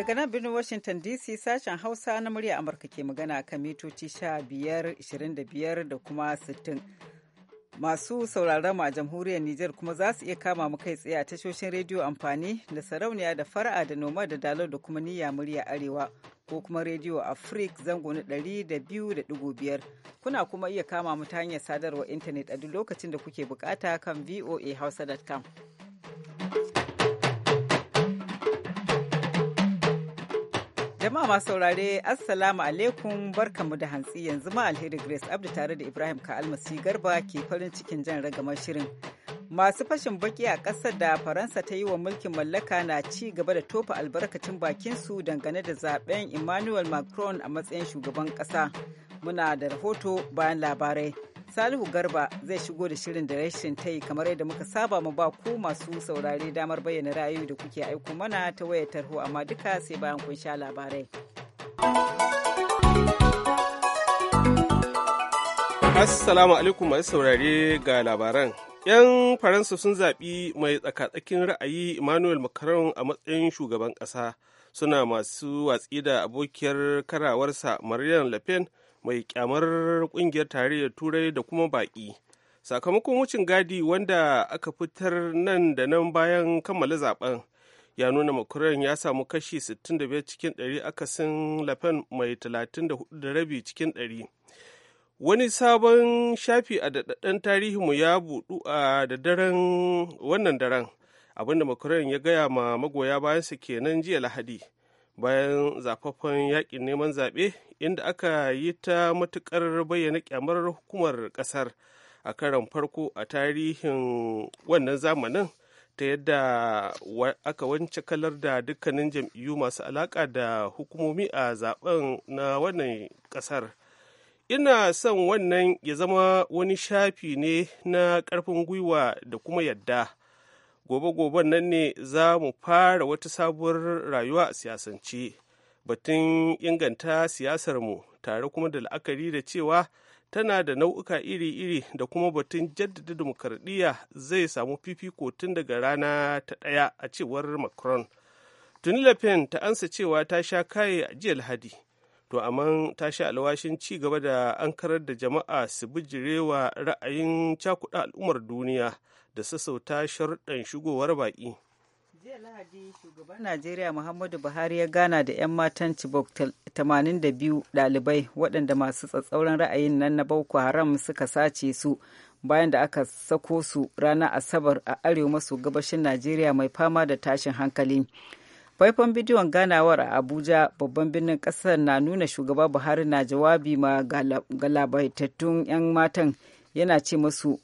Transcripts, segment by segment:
Daga nan birnin Washington DC sashen Hausa na murya Amurka ke magana kan mitoci 15, 25 da kuma 60. Masu sauraron a jamhuriyar Nijar kuma za su iya kama mu kai tsaye a tashoshin rediyo amfani da sarauniya da fara'a da noma da dalar da kuma niyya murya arewa ko kuma rediyo Afrik zango na 200.5. Kuna kuma iya kama mu ta hanyar sadarwar intanet a duk lokacin da kuke bukata kan voa voahausa.com. Jama'a masu saurare, Assalamu alaikum barkanmu da hantsi yanzu ma alheri Grace Abdu tare da Ibrahim Ka'almasi Garba ke farin cikin jan ragamar shirin. Masu fashin baki a ƙasar da Faransa ta yi wa mulkin mallaka na ci gaba da tofa albarkacin su dangane da zaben Emmanuel Macron a matsayin shugaban ƙasa. Muna da rahoto bayan labarai. Salihu Garba zai shigo da shirin da rashin ta yi kamar yadda muka saba mu ba ku masu saurare damar bayyana ra'ayoyi da kuke aiko mana ta wayar tarho amma duka sai bayan kun sha labarai. Assalamu alaikum masu saurare ga labaran. 'Yan Faransa sun zaɓi mai tsakatsakin ra'ayi Emmanuel Macron a matsayin shugaban ƙasa suna masu watsi da abokiyar karawarsa Marianne Le Pen mai kyamar kungiyar tarayyar turai da kuma baƙi sakamakon wucin gadi wanda aka fitar nan da nan bayan kammala zaben ya nuna makuran ya samu kashi 65 cikin 100 akasin lafen mai da rabi cikin 100 wani sabon shafi a daɗaɗɗen tarihinmu ya buɗu a daren wannan daren abinda makuran ya gaya ma magoya bayansa kenan jiya lahadi bayan zafaffen yakin neman zaɓe inda aka yi ta matuƙar bayyana kyamar hukumar ƙasar a karon farko a tarihin wannan zamanin ta yadda aka wance kalar da dukkanin jam'iyyu masu alaƙa da hukumomi a zaben na wannan ƙasar ina son wannan ya zama wani shafi ne na ƙarfin gwiwa da kuma yadda gobe-goben nan ne za mu fara wata sabuwar rayuwa a siyasance batun inganta siyasarmu tare kuma da la'akari da cewa tana da nau'uka iri-iri da kuma batun jaddada demokradiyya zai samu fifiko tun daga rana ta ɗaya a cewar macron tuni le pen ta ansa cewa ta sha kaye a jiya lahadi to amma ta sha alwashin ci gaba da ankarar da jama'a su bijirewa ra'ayin cakuɗa al'ummar duniya da sassauta sharuɗan shigowar baƙi. jiya lahadi shugaban najeriya muhammadu buhari ya gana da 'yan matan chibok 82 ɗalibai waɗanda masu tsatsauran ra'ayin nan na boko haram suka sace su bayan da aka sako su ranar asabar a arewa maso gabashin najeriya mai fama da tashin hankali faifan bidiyon ganawar a abuja babban birnin ƙasar na nuna shugaba buhari na jawabi ma galabaitattun 'yan matan yana ce masu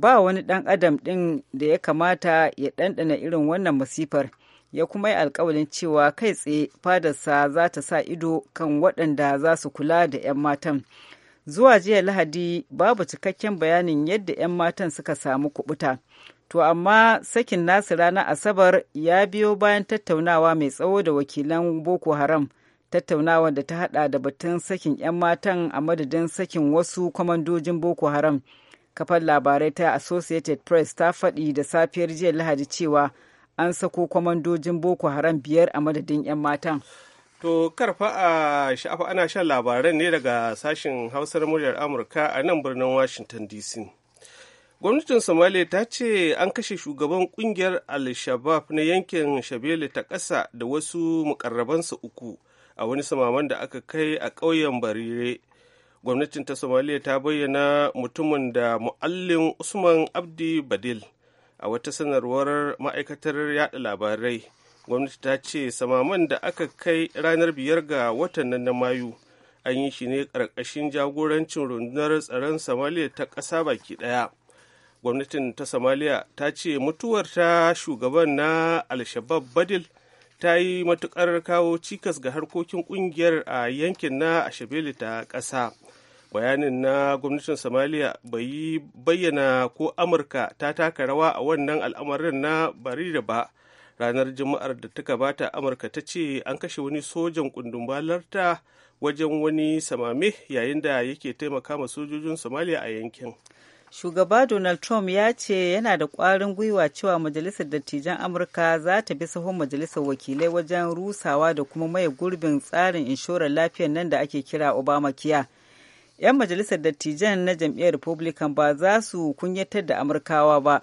ba wani ɗan adam ɗin da ya kamata ya ɗanɗana irin wannan masifar ya kuma yi alkawalin cewa kai tsaye fadarsa za ta sa ido kan waɗanda za su kula da 'yan matan zuwa jiya lahadi babu cikakken bayanin yadda 'yan matan suka samu kubuta to amma sakin nasu ranar asabar ya biyo bayan tattaunawa mai tsawo da wakilan boko haram tattaunawa da ta hada da batun sakin 'yan matan a madadin sakin wasu kwamandojin boko haram kafar labarai ta associated press ta faɗi da safiyar jiya lahadi cewa an sako kwamandojin boko haram biyar a madadin 'yan matan to karfa a sha'afa ana shan labaran ne daga sashen hausar muryar amurka a nan birnin washington dc gwamnatin somalia ta ce an kashe shugaban kungiyar al-shabab na yankin shabele ta ƙasa da wasu mukarrabansa uku a wani samaman da aka kai a ƙauyen barire gwamnatin ta somaliya ta bayyana mutumin da muallin usman abdi badil a wata sanarwar ma'aikatar yada labarai gwamnati ta ce samaman da aka kai ranar biyar ga watan nan na mayu an yi shi ne karkashin jagorancin rundunar tsaron somaliya ta ƙasa baki ɗaya gwamnatin ta somaliya ta ce mutuwar ta shugaban na alshabab badil ta yi matukar kawo cikas ga harkokin kungiyar a yankin na ashebele ta ƙasa bayanin na gwamnatin somaliya bai yi bayyana ko amurka ta taka rawa a wannan al'amarin na barira ba ranar juma'ar da ta gabata amurka ta ce an kashe wani sojan balarta wajen wani samame yayin da yake taimaka ma sojojin somaliya a yankin shugaba donald trump ya ce yana da kwarin gwiwa cewa majalisar dattijan amurka za ta bi sahun majalisar wakilai wajen rusawa da kuma maye gurbin tsarin inshorar lafiyar nan da ake kira obamacare 'yan majalisar dattijan na jam'iyyar republican ba za su kunyatar da amurkawa ba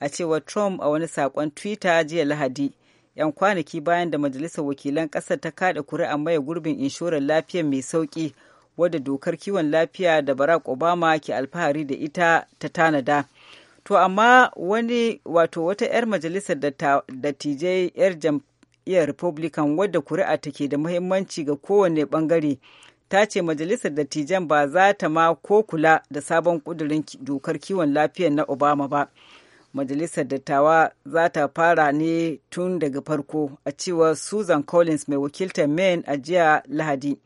a cewar trump a wani sakon twitter jiya lahadi 'yan kwanaki bayan da majalisar wakilan ƙasar ta kaɗa kuri'a maye gurbin inshorar lafiyar mai sauƙi wadda dokar kiwon lafiya da barack obama ke alfahari da ita ta tanada to amma wani wato wata 'yar majalisar dattijai 'yar jam'iyyar republican wadda kuri'a take da muhimmanci ga kowane bangare ta ce majalisar dattijan ba za ta ma ko kula da sabon kudurin dokar kiwon lafiya na obama ba majalisar dattawa za ta fara ne tun daga farko a cewa susan collins mai wakiltar maine a jiya lahadi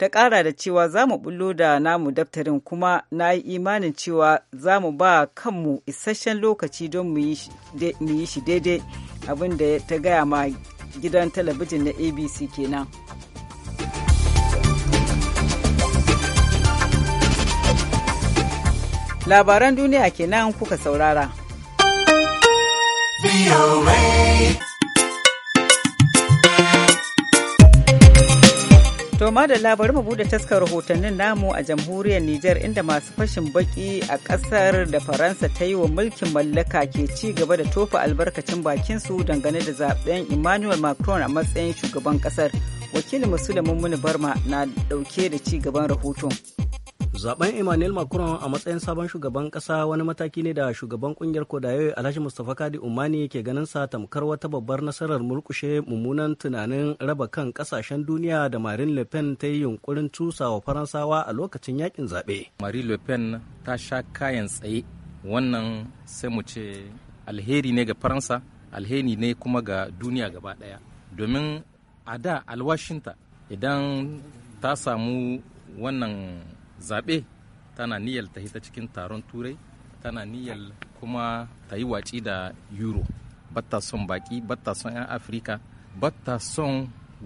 ta ƙara da cewa za mu bullo da namu daftarin kuma na yi imanin cewa za mu ba kanmu isasshen lokaci don mu yi shi daidai abin da ta gaya ma gidan talabijin na abc kenan labaran duniya kenan kuka saurara. To madalla bari mu bude taskar rahotannin namu a jamhuriyar Nijar inda masu fashin baki a kasar da Faransa ta yi wa mulkin mallaka ke ci gaba da tofa albarkacin bakin su dangane da zaben Emmanuel Macron a matsayin shugaban kasar. Wakilin Musulmin Muni Barma na dauke da ci gaban rahoton. Zaben Emmanuel Macron a matsayin sabon shugaban kasa wani mataki ne da shugaban kungiyar kodayo Alhaji Mustapha Kadi Umani ke ganin sa tamkar wata babbar nasarar murkushe mummunan tunanin raba kan kasashen duniya da Marine Le Pen ta yi yunkurin cusawa Faransawa a lokacin yakin zaɓe. Marine Le Pen ta sha kayan tsaye wannan sai mu ce alheri ne ga Faransa alheri ne kuma ga duniya gaba ɗaya domin a da alwashinta idan ta samu wannan zaɓe tana niyyar ta hita cikin taron turai tana niyyar kuma ta yi watsi da euro batta son baki batta son 'yan afirka batta son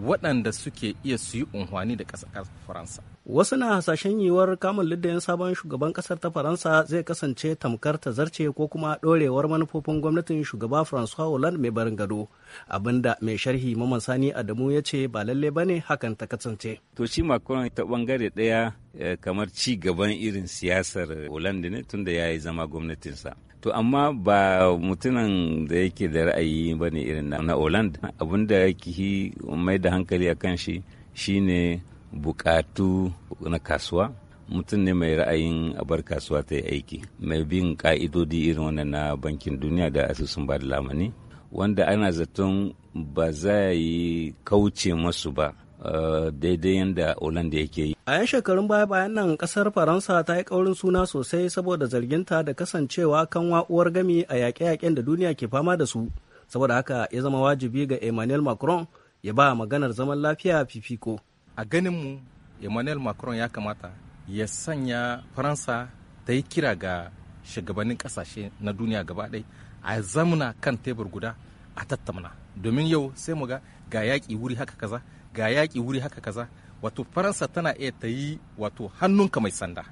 waɗanda suke iya su yi unhwani da ƙasar faransa wasu na hasashen yiwuwar kamun liddayin sabon shugaban kasar ta faransa zai kasance tamkar ta zarce ko kuma dorewar manufofin gwamnatin shugaba francois hollande mai barin gado abinda mai sharhi maman sani adamu ya ce ba lalle ba ne hakan ta kasance to shi macron ta bangare ɗaya eh, kamar ci gaban irin siyasar hollande ne tunda ya yi zama gwamnatinsa to amma ba mutumin da yake da ra'ayi ba ne irin na hollande abinda yake mai da hankali a kan shi shine bukatu na kasuwa mutum ne mai ra'ayin abar kasuwa ta yi aiki mai bin ka'idodi irin wannan na bankin duniya da asusun ba da lamani wanda ana zaton ba za yi kauce masu ba eh, daidai yadda Olanda yake yi. A yan shekarun baya bayan nan kasar Faransa ta yi kaurin suna sosai saboda zarginta da kasancewa kan wa'uwar gami a yaƙe-yaƙen da duniya ke fama da su. Saboda haka ya zama wajibi ga Emmanuel Macron ya ba maganar zaman lafiya fifiko. a ganin mu emmanuel macron ya kamata ya sanya faransa ta yi kira ga shugabannin kasashe na duniya gaba ɗai a zamuna kan tebur guda a tattamna domin yau sai mu ga ga yaƙi wuri haka kaza ga yaƙi wuri haka kaza wato faransa tana iya ta yi wato hannunka mai sanda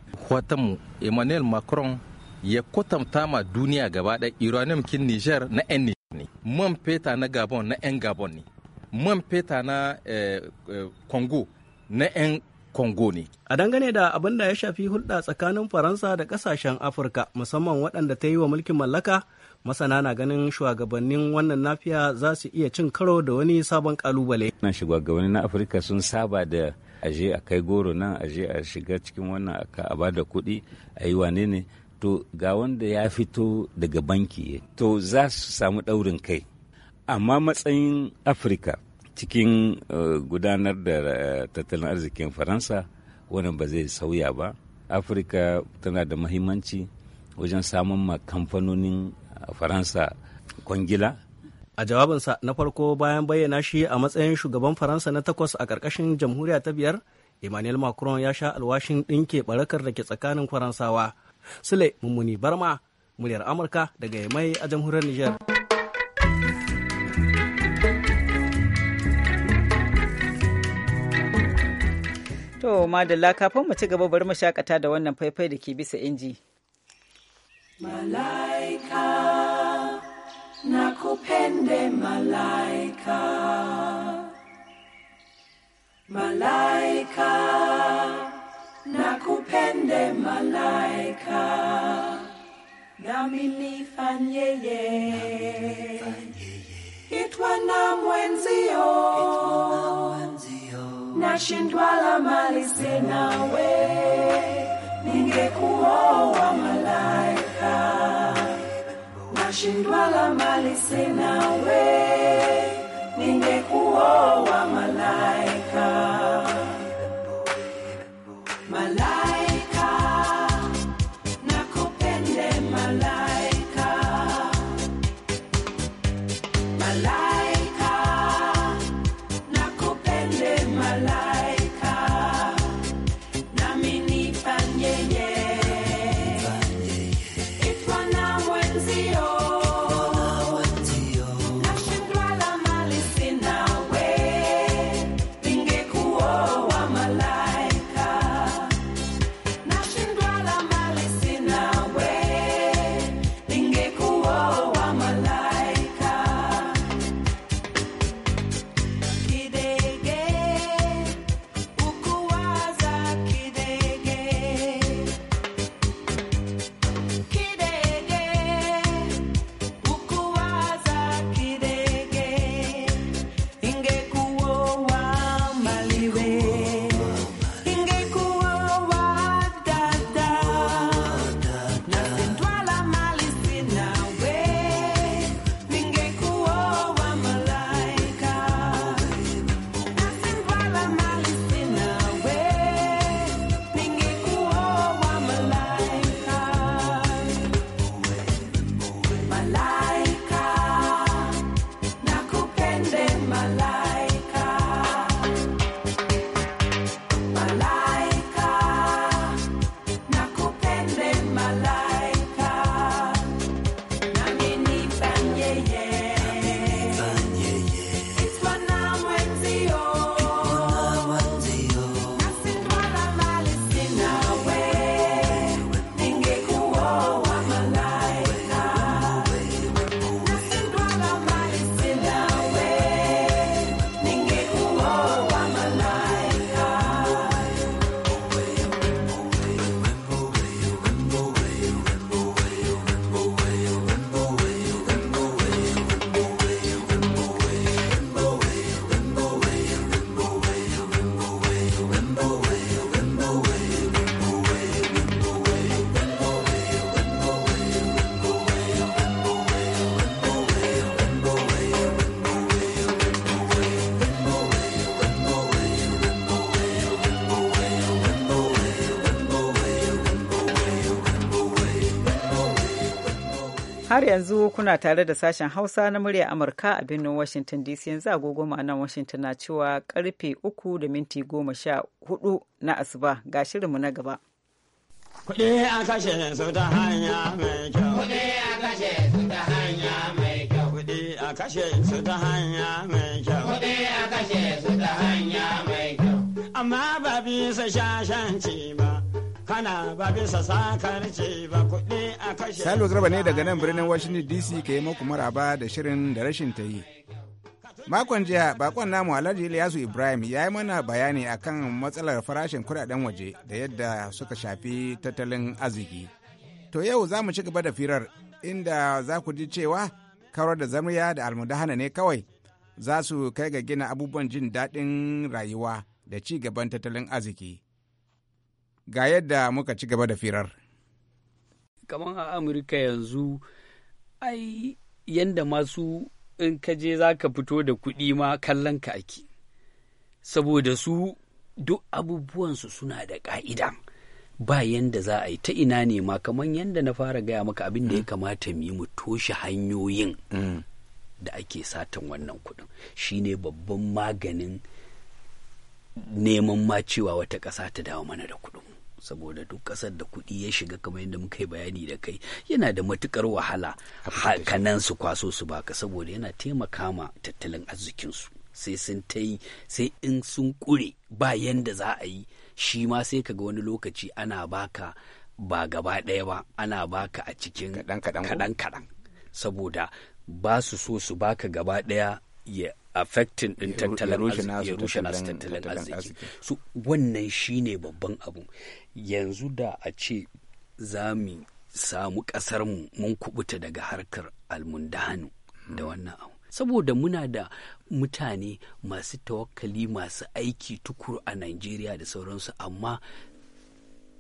mu emmanuel macron ya kwatanta ma duniya gaba ɗai uranium kin niger na 'yan niger ne man feta na gabon na 'yan gabon ne man feta na kongo eh, eh, na 'yan kongo ne. A dangane da abin da ya shafi hulɗa tsakanin Faransa da ƙasashen Afirka musamman waɗanda ta yi wa mulkin mallaka, masana na ganin shugabannin wannan nafiya za su iya cin karo da wani sabon kalubale. Na shugabanni na Afirka sun saba da aje a kai goro nan aje a shiga cikin wannan a bada kuɗi a yi wane ne to ga wanda ya fito daga banki to za su samu ɗaurin kai amma matsayin afirka cikin eh, gudanar da eh, tattalin arzikin faransa wannan ba zai sauya ba afirka tana da mahimmanci wajen samun ma kamfanonin eh, faransa kwangila a jawabinsa na farko bayan bayyana shi a matsayin shugaban faransa na takwas a ƙarƙashin jamhuriya ta biyar emmanuel macron ya sha alwashin ɗinke barakar da ke tsakanin faransawa sule mummuni barma muryar amurka daga yamai a jamhuriyar niger To madalla kafin mu ci gaba bari mu shakata da wannan faifai da ke bisa inji. Malaika na kupende malaika Malaika na kupende malaika Nami nifanyeye Itwa na mwenzio nashindwa la mali sina we, ningekuoa malaika, nashindwa la mali sina we, ningekuoa malaika Har yanzu kuna tare da sashen Hausa na murya Amurka a birnin Washington DC yanzu agogo ma'anan Washington na cewa karfe uku da minti goma sha hudu na asuba ga shirinmu na gaba. Kuɗi a kashe su ta hanya mai kyau. Kuɗi a kashe su ta hanya mai kyau. Kuɗi a kashe su ta hanya mai kyau. Kuɗi a kashe su ta hanya mai kyau. Amma ba bisa shashanci ba. kana ba bisa ba kuɗi a kashe. Salo Garba ne daga nan birnin Washington DC ka yi muku maraba da shirin da rashin ta yi. Makon jiya bakon namu Alhaji Ilyasu Ibrahim ya yi mana bayani akan matsalar farashin kudaden waje da yadda suka shafi tattalin arziki. To yau za mu ci gaba da firar inda za ku ji cewa kawar da zamriya da almudahana ne kawai za su kai ga gina abubuwan jin daɗin rayuwa da ci gaban tattalin arziki. ga yadda muka ci gaba da firar. Kamar a Amurka yanzu, ai yanda masu in ka je za ka fito da kuɗi ma kallon ka ake, saboda su duk abubuwansu suna da ƙa'ida. Ba yanda za a yi ta ina ne ma kamar yadda na fara gaya maka abin da ya mm. kamata mu yi mu toshe hanyoyin mm. da ake satan wannan kuɗin ne babban maganin neman ma cewa wata ƙasa ta dawo mana da kuɗin saboda duk ƙasar da kuɗi ya shiga kamar yadda muka yi bayani da kai yana da matukar wahala hakanan su kwaso su baka saboda yana taimaka ma tattalin arzikinsu sai sun ta yi sai in sun ƙure ba yanda za a yi shi ma sai ka ga wani lokaci ana baka ba gaba ɗaya ba ana baka a cikin kaɗan kaɗan saboda ba su so su baka gaba ɗaya ya affecting din tattalin arziki rushe tattalin arziki so wannan shine babban abu yanzu da a ce za mu samu ƙasarmu mun kubuta daga harkar almundahanu hmm. da wannan abu saboda muna da mutane masu tawakkali masu aiki tukuru a Najeriya da sauransu amma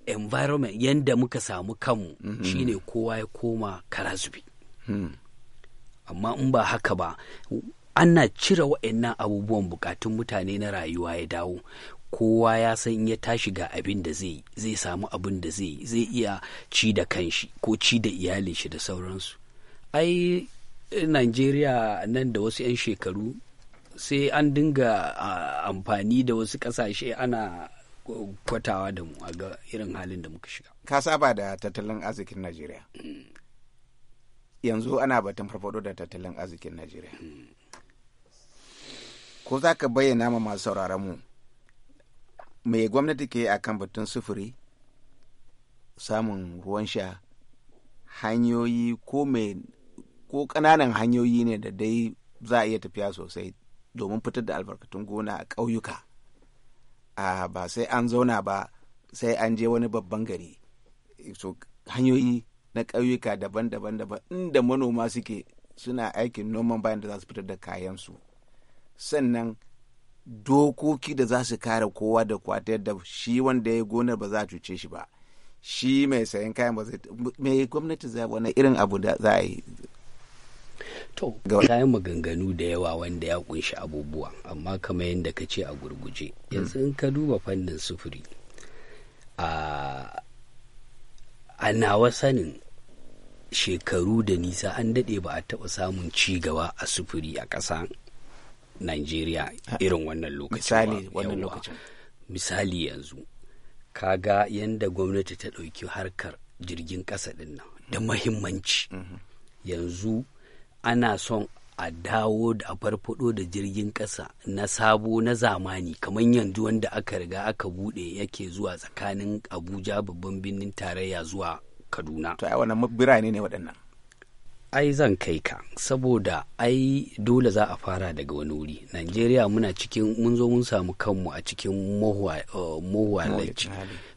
environment yadda muka samu kanmu mm -hmm. shine kowa ya koma kara zubi hmm. amma in ba haka ba ana cire wa'annan abubuwan bukatun mutane na rayuwa ya dawo kowa ya san ya tashi ga abin da zai zai samu abin da zai zai iya ci da kanshi ko ci da iyalin shi da sauransu ai Najeriya nan da wasu 'yan shekaru sai an dinga amfani da wasu kasashe ana kwatawa da mu a ga irin halin da muka shiga. Ka saba da tattalin arzikin Najeriya. Mm. Yanzu ana batun farfado da tattalin arzikin Najeriya. Mm. ko za ka bayyana ma masu sauraron mu mai gwamnati ke a kan batun sufuri samun ruwan sha hanyoyi ko mai ko ƙananan hanyoyi ne da dai za a iya tafiya sosai domin fitar da albarkatun gona a ƙauyuka a ba sai an zauna ba sai an je wani babban gari so hanyoyi na ƙauyuka daban-daban daban inda manoma suke suna aikin noman bayan da za su fitar da kayansu sannan dokoki da za su kare kowa da kwata yadda shi wanda ya gonar ba za a cuce shi ba shi mai sayan kayan ba zai mai gwamnati za wani irin abu da za a yi to kayan maganganu da yawa wanda ya kunshi abubuwa amma kamar yadda ka ce a gurguje yanzu in ka duba fannin sufuri a nawa sanin shekaru da nisa an daɗe ba a taɓa samun ci gaba a sufuri a ƙasa Najeriya irin wannan lokacin. Misali wannan lokacin. Misali yanzu, kaga yadda gwamnati ta ɗauki harkar jirgin ƙasa ɗin da mahimmanci. Mm-hmm. Mm-hmm. Yanzu ana son a dawo da a farfado da jirgin ƙasa na sabo na zamani kamar yanzu wanda aka riga aka buɗe yake zuwa tsakanin Abuja babban birnin tarayya zuwa Kaduna. To ai wannan birane ne waɗannan. ai zan kai ka saboda ai dole za a fara daga wani wuri najeriya muna cikin mun zo mun samu kanmu a cikin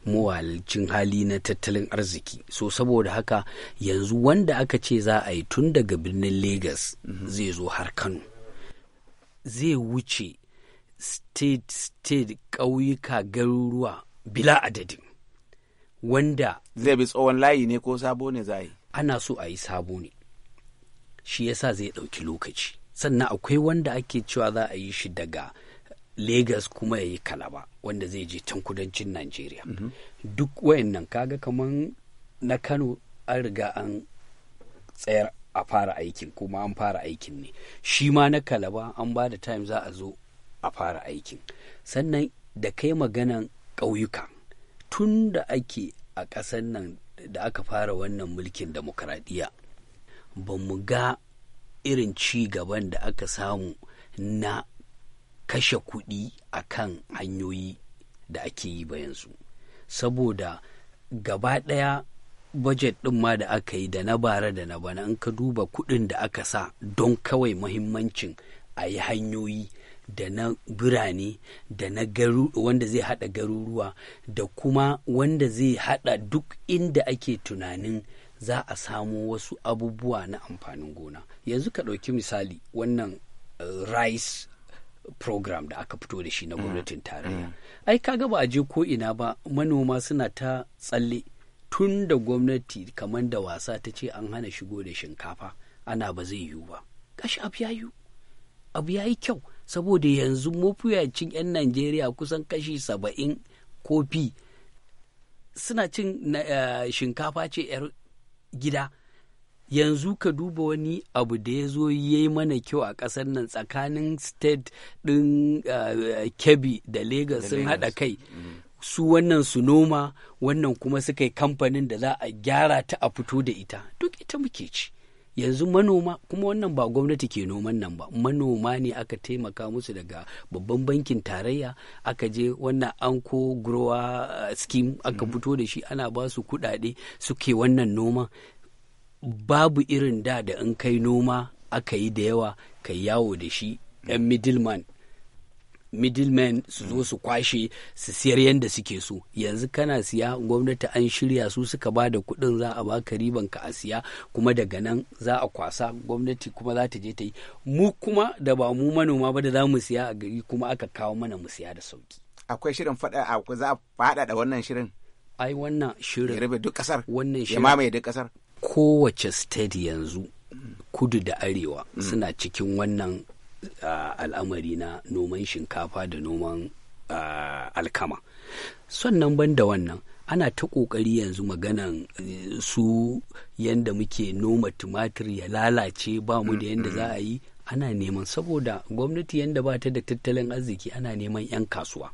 mawalcin eh, hali na tattalin arziki so saboda haka yanzu wanda aka ce za a yi tun daga birnin legas mhm. zai zo har kano zai wuce state state ƙauyuka garuruwa bila adadin wanda zai bi tsohon layi ne ko sabo ne za yi ana so a yi sabo ne shi yasa zai ɗauki lokaci sannan akwai wanda ake cewa za a yi shi daga lagos kuma ya yi Kalaba wanda zai je can kudancin Najeriya. Mhm. Duk wayannan kaga kaman na Kano an riga an tsayar a fara aikin kuma an fara aikin ne. Shi ma na Kalaba an ba da time za a zo a fara aikin. Sannan da kai maganan ƙauyuka tun da ake a ƙasar nan da aka fara wannan mulkin demokradiyya ba mu ga irin ci gaban da aka samu na kashe kuɗi a kan hanyoyi da ake yi ba yanzu saboda gaba ɗaya bajet ɗin ma da aka yi da na bara da na bana in ka duba kuɗin da aka sa don kawai mahimmancin a yi hanyoyi da na birane da na garu wanda zai haɗa garuruwa da kuma wanda zai haɗa duk inda ake tunanin za a samo wasu abubuwa na amfanin gona yanzu ka ɗauki misali wannan uh, rice program da aka fito da shi na mm. gwamnatin tarayya mm. ai kaga ba a je ko ina ba manoma suna ta tsalle tun da gwamnati kamar da wasa ta ce an hana shigo da shinkafa ana ba zai yiwu ba Kashi abu ya yiwu abu ya yi kyau saboda yanzu mafiyacin 'yan najeriya kusan kashi saba'in kofi suna cin eh, shinkafa ce 'yar gida yanzu ka duba wani abu da ya zo ya yi mana kyau a ƙasar nan tsakanin state ɗin eh, kebbi da lagos sun haɗa kai mm. su wannan su noma wannan kuma suka yi kamfanin da za a gyara ta a fito da ita duk ita muke ci yanzu manoma kuma wannan ba gwamnati ke noman nan ba manoma ne aka taimaka musu daga babban bankin tarayya aka je wannan anko growa uh, scheme aka mhm. fito da shi ana ba su kuɗaɗe suke wannan noma babu irin da da in kai noma aka yi da yawa kai yawo da shi yan middleman middlemen su zo su kwashe su siyar yadda suke so yanzu kana siya gwamnati an shirya su suka ba da kuɗin za a baka riban ka a siya kuma daga nan za a kwasa gwamnati kuma za ta je ta yi mu kuma da ba mu manoma ba da za mu siya a gari kuma aka kawo mana mu siya da sauki akwai shirin fada za a fada da wannan shirin ai wannan shirin ya rabe duk kasar wannan shirin ya mamaye duk kasar kowace state yanzu kudu da arewa mm. suna cikin wannan Uh, al'amari na noman shinkafa da noman uh, alkama sannan ban da wannan ana ta ƙoƙari yanzu maganan eh, su yanda muke noma tumatir ya lalace ba mu da yanda za a yi ana neman saboda gwamnati yanda ba ta da tattalin arziki ana neman 'yan kasuwa.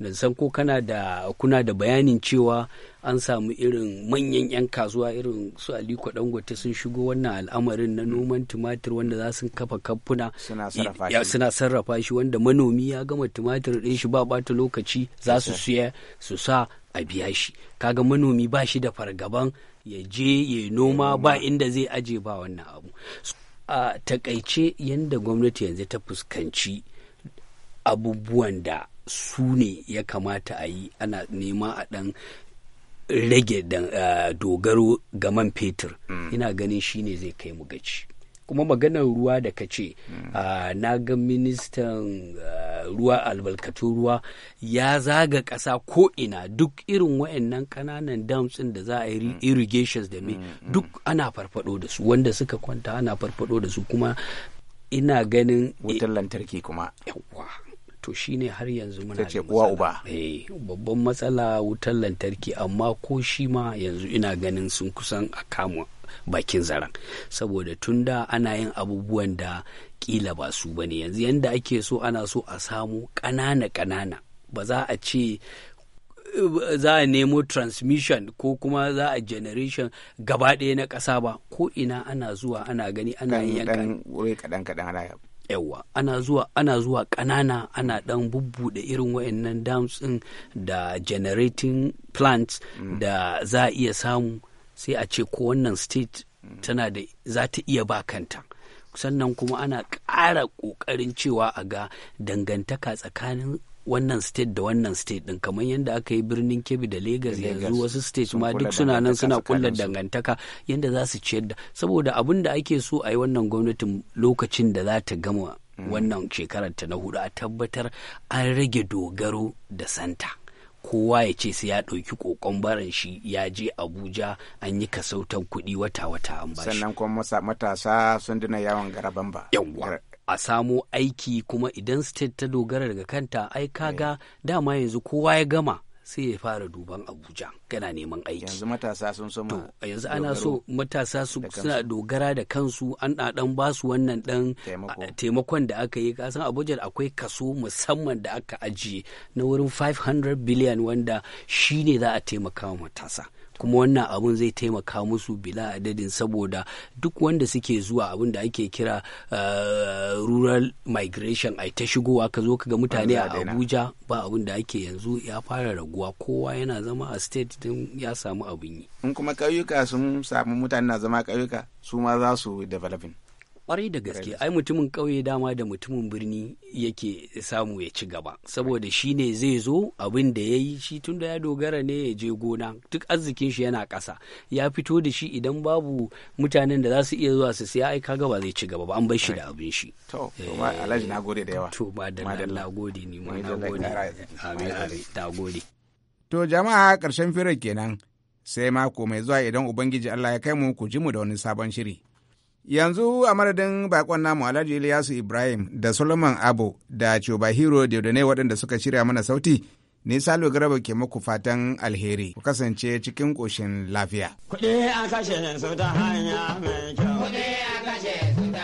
da san ko kana da kuna da bayanin cewa an samu irin manyan 'yan kasuwa irin su aliko dangote sun shigo wannan al'amarin na noman tumatir wanda za su kafa kamfuna suna sarrafa shi wanda manomi ya gama tumatir ɗin shi ba bata lokaci za su siya su sa a biya shi kaga manomi ba shi da fargaban ya je ya noma ba inda zai aje ba wannan abu a takaice yadda gwamnati yanzu ta fuskanci abubuwan da su ne ya kamata a yi ana nema a ɗan rage dogaro ga man fetur mm. ina ganin shi ne zai kai mu gaci kuma maganar ruwa da ka ce mm. na ga ministan ruwa albarkatun ruwa ya zaga ƙasa ina duk irin wayannan ƙananan dams da za a yi mm. irrigations da me duk ana farfado da su wanda suka kwanta ana farfado da su kuma ina ganin wutar lantarki kuma yawwa to shine har yanzu muna da uwa uba eh, babban matsala wutar lantarki amma ko shi ma yanzu ina ganin sun kusan a kama bakin zaren saboda tun da ana yin abubuwan da kila ba su bane yanzu yanda ake so ana so a samu ƙanana ƙanana ba za a ce za a nemo transmission ko kuma za a generation gaba ɗaya na ƙasa ba ko ina ana zuwa ana gani ana yin yanka. yawa ana zuwa ana zuwa ƙanana ana ɗan bubbuɗe irin wayannan dams ɗin da generating plants mm. da za a iya samu sai a ce ko wannan state mm. tana da za ta iya ba kanta sannan kuma ana ƙara ƙoƙarin cewa a ga dangantaka tsakanin wannan state da wannan state din kamar yadda aka yi birnin kebbi da lagos yanzu wasu state ma duk suna nan suna kulla dangantaka yadda za su ciyar da saboda abin da ake so a yi wannan gwamnatin lokacin da za ta gama mm. wannan shekarar ta na hudu a tabbatar an rage dogaro da santa kowa ya ce sai ya ɗauki kokon baran shi ya je abuja an yi kasautan kuɗi wata-wata an bashi sannan kuma matasa sun dina yawon garaban ba a samo aiki kuma idan state ta dogara daga kanta ai kaga eh. dama yanzu kowa ya gama sai ya fara duban abuja kana neman aiki yanzu matasa sun so to yanzu ana so matasa su suna dogara da kansu an dan ba su wannan dan taimakon da aka yi kasan abuja akwai kaso musamman da aka ajiye na wurin 500 billion wanda shine za a taimaka wa matasa kuma wannan abun zai taimaka musu bila adadin saboda duk wanda suke zuwa abun da ake kira uh, rural migration ai ta shigowa ka zo ka ga mutane a abuja ba abun da ake yanzu ya fara raguwa kowa yana zama a state tun ya samu abin yi in kuma ƙauyuka sun samu mutane na zama ƙauyuka su ma za su developing kwarai da gaske ai mutumin ƙauye dama da mutumin birni yake samu ya ci gaba saboda shi ne zai zo abin da ya yi shi tun da ya dogara ne ya je gona duk arzikin shi yana ƙasa ya fito da shi idan babu mutanen da za su iya zuwa su siya ai kaga ba zai ci gaba ba an bar shi da abin shi to alhaji na gode da yawa eh, to da na gode ni ma na gode na gode To jama'a ƙarshen firar kenan sai mako mai zuwa idan Ubangiji Allah ya kai mu ku ji mu da wani sabon shiri. Yanzu a madadin bakon namu Alhaji Ilyasu Ibrahim da Solomon Abu da Chobahiro ne waɗanda suka shirya mana sauti ni Salo Garaba ke muku fatan alheri ku kasance cikin ƙoshin lafiya. Kuɗi a kashe su ta hanya mai kyau. Kuɗi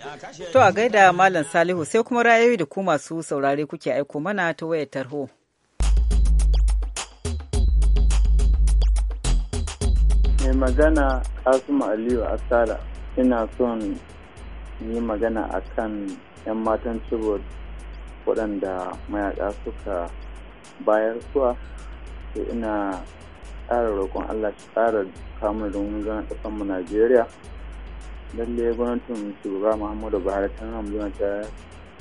a kashe To a gaida Malam Salihu sai kuma rayoyi da ku masu saurare kuke aiko mana ta wayar tarho. magana Kasimu Aliyu Asara ina son yi magana a kan 'yan matan cibo waɗanda mayaƙa suka bayar suwa to ina ƙara roƙon Allah shi ƙara kamun rungunan ƙasanmu Najeriya. Lalle gwamnatin shugaba Muhammadu Buhari ta nuna mu ta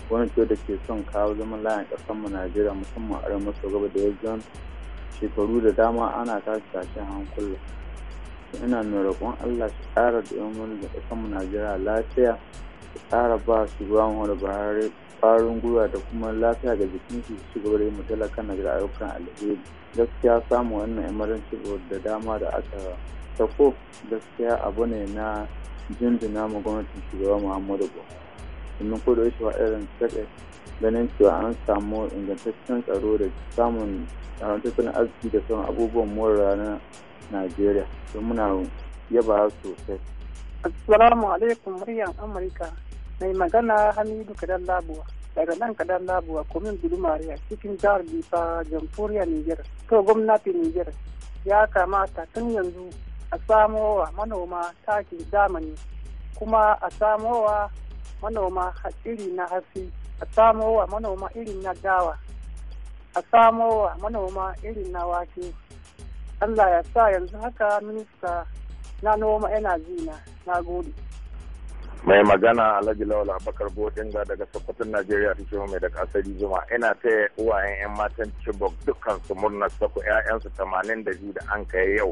gwamnati da ke son kawo zaman layin ƙasanmu Najeriya musamman arewa maso gaba da yanzu shekaru da dama ana tashi tashin hankula. ina mai roƙon allah su tsara da yan wani da ƙasanmu najeriya lafiya su tsara ba su ruwan wani bahari ƙwarin gwiwa da kuma lafiya ga jikin su su gaba da yi mutalaka na da ayyukan alheri gaskiya samun wannan emergency da dama da aka sako gaskiya abu ne na jinjina ma gwamnatin shugaba muhammadu buhari domin ko da yake irin tsaye ganin cewa an samu ingantaccen tsaro da samun tattalin arziki da sauran abubuwan mora na. Najeriya don muna yaba sosai. Assalamu alaikum muryar Amurka mai magana Hamidu Kadan Labuwa daga nan Kadan Labuwa komin Mariya cikin jihar Bifa jamhuriyar Niger to gwamnatin Niger ya kamata tun yanzu a samo wa manoma takin zamani kuma a samo wa manoma iri na hafi. a samo wa manoma irin na dawa a samo wa manoma irin na wake Allah ya sa yanzu haka minista na noma yana zina na gode. mai magana alhaji lawal abakar bodinga daga sokoton najeriya ta mai da kasari zuma ina taya uwayen yan matan chibok dukkan su murnar sako 'ya'yansu 82 da an kai yau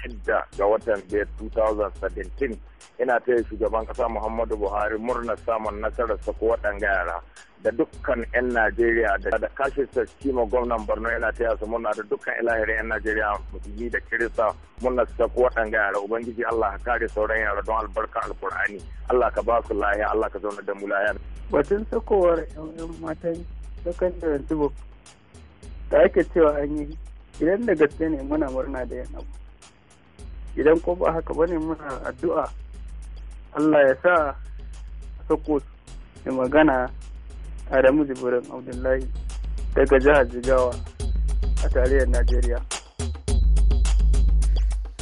shidda ga watan biyar 2017 ina taya shugaban kasa muhammadu buhari murnar samun nasarar sako waɗanga yara da dukkan 'yan najeriya da kashe kima gwamnan borno yana taya su murna da dukkan ilahirin 'yan najeriya musulmi da kirista murnar sako waɗanga yara ubangiji allah ka kare sauran yara don albarka alkur'ani allah ka ba su lahiya allah ka zauna da mu lahiya. batun sakowar 'yan matan sakandaren tubuk da ake cewa an yi idan da gaske ne muna murna da yan abu idan ko ba haka bane muna addu'a Allah ya sa sako mai magana a Adamu Jibrin Abdullahi daga jihar Jigawa a tarayyar Najeriya.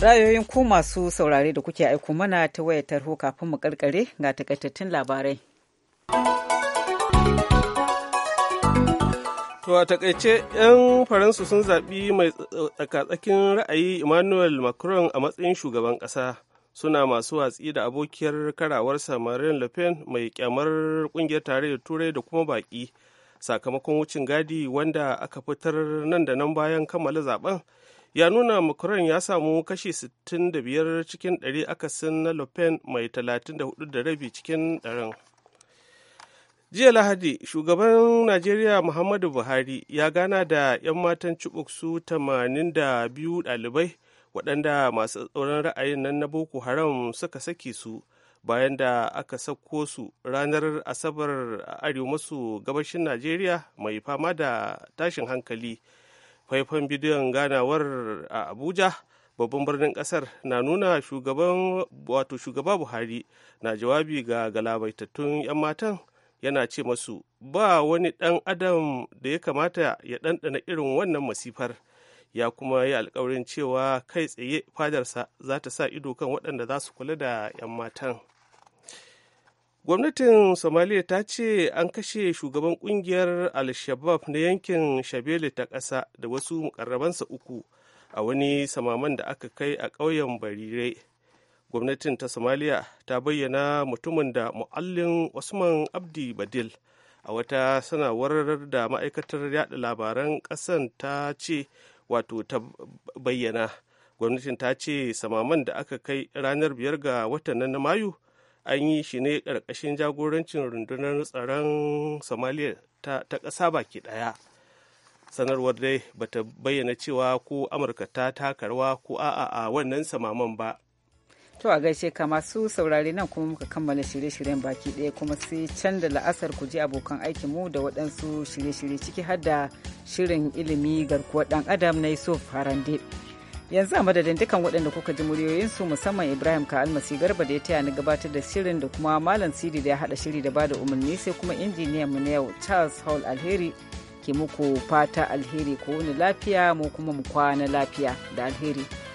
Rayoyin ku masu saurare da kuke aiko mana ta wayar tarho kafin mu karkare ga takaitattun labarai. To a takaice 'yan Faransa sun zaɓi mai tsakatsakin ra'ayi Emmanuel Macron a matsayin shugaban ƙasa suna masu watsi da abokiyar karawarsa Marine Le Pen mai kyamar ƙungiyar tarayyar Turai da kuma baƙi sakamakon wucin gadi wanda aka fitar nan da nan bayan kammala zaben ya nuna Macron ya samu kashi 65 cikin 100 akasin na Le Pen mai 34 da cikin ɗarin. jiya lahadi shugaban najeriya muhammadu buhari ya gana da 'yan matan cibok su 82 dalibai waɗanda masu tsoron ra'ayin nan na boko haram suka sake su bayan da aka sauko su ranar asabar arewa masu gabashin najeriya mai fama da tashin hankali faifan bidiyon ganawar a abuja babban birnin ƙasar na nuna shugaban wato shugaba buhari na jawabi ga galabaitattun 'yan matan yana ce masu ba wani ɗan adam da ya kamata ya ɗanɗana irin wannan masifar ya kuma yi alkawarin cewa kai tsaye fadarsa za ta sa ido kan waɗanda za su kula da 'yan matan gwamnatin somaliya ta ce an kashe shugaban kungiyar al-shabab na yankin shabele ta ƙasa da wasu mukarrabansa uku a wani samaman da aka kai a ƙauyen barire gwamnatin ta somaliya ta bayyana mutumin da muallin usman abdi badil a wata sanawar da ma'aikatar yada labaran ƙasan ta ce wato ta bayyana gwamnatin ta ce samaman da aka kai ranar biyar ga watan na mayu an yi shi ne ƙarƙashin jagorancin rundunar tsaron somaliya ta ƙasa baki ɗaya sanarwar dai bata bayyana cewa ko amurka ta taka rawa ko a'a a wannan samaman ba To a gaishe ka masu saurare nan kuma muka kammala shirye-shiryen baki ɗaya kuma sai can da la'asar ku ji abokan aikinmu da waɗansu shirye-shirye ciki har da shirin ilimi garkuwa ɗan adam na Yusuf Harande. Yanzu a madadin dukkan waɗanda kuka ji muryoyinsu musamman Ibrahim ka almasi garba da ya taya ni gabatar da shirin da kuma Malam Sidi da ya haɗa shiri da bada umarni sai kuma injiniyan mu na yau Charles Hall Alheri ke muku fata alheri ko wani lafiya mu kuma mu kwana lafiya da alheri.